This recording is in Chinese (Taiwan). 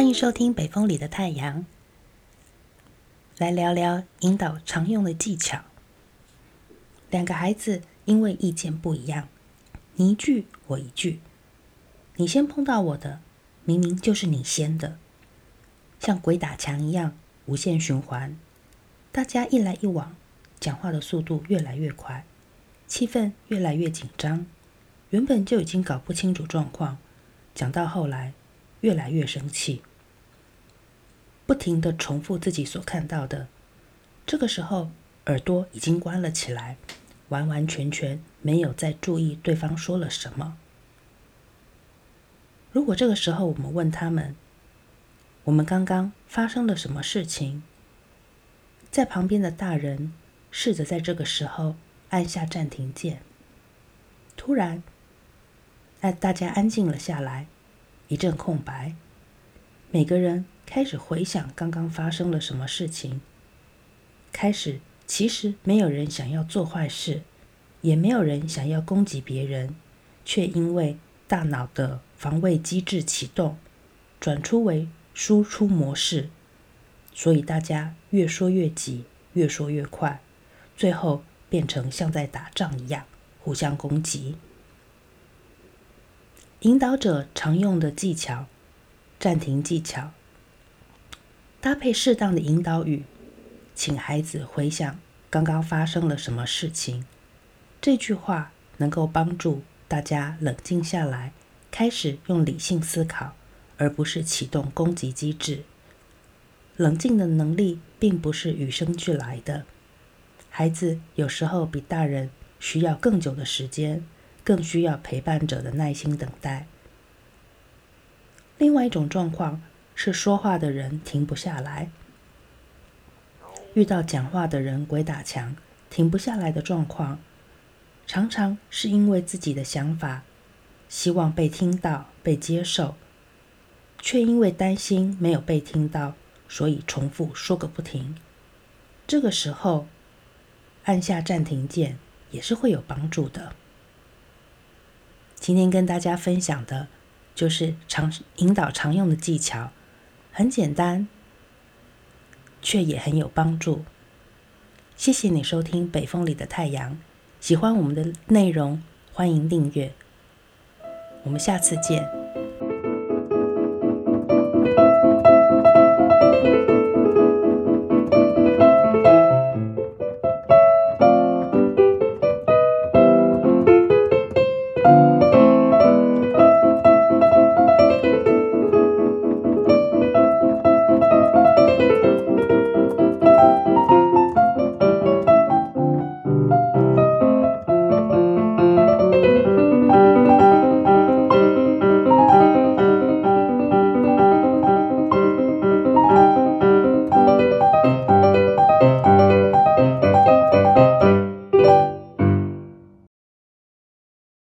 歡迎收聽《北風裡的太陽》，來聊聊引導常用的技巧。兩個孩子因為意見不一樣，你一句我一句，你先碰到我的，明明就是你先的，像鬼打牆一樣，無限循環。大家一來一往，講話的速度越來越快，氣氛越來越緊張。原本就已經搞不清楚狀況，講到後來越來越生氣。不停地重複自己所看到的。這個時候，耳朵已經關了起來，完完全全沒有在注意對方說了什麼。如果這個時候我們問他們，我們剛剛發生了什麼事情？在旁邊的大人試着在這個時候按下暫停鍵，突然，讓大家安靜了下來，一陣空白，每個人。開始回想剛剛發生了什麼事情。開始，其實沒有人想要做壞事，也沒有人想要攻擊別人，卻因為大腦的防衛機制啟動，轉出為輸出模式，所以大家越說越急，越說越快，最後變成像在打仗一樣，互相攻擊。引導者常用的技巧：暫停技巧。搭配適當的引導語，請孩子回想剛剛發生了什麼事情。這句話能夠幫助大家冷靜下來，開始用理性思考，而不是啟動攻擊機制。冷靜的能力並不是與生俱來的，孩子有時候比大人需要更久的時間，更需要陪伴者的耐心等待。另外一種狀況。是說話的人停不下來，遇到講話的人鬼打牆、停不下來的狀況，常常是因為自己的想法，希望被聽到、被接受，卻因為擔心沒有被聽到，所以重複說個不停。這個時候按下暫停鍵也是會有幫助的。今天跟大家分享的就是常引導常用的技巧。很簡單，卻也很有幫助。謝謝你收聽《北風裡的太陽》，喜歡我們的內容，歡迎訂閱。我們下次見。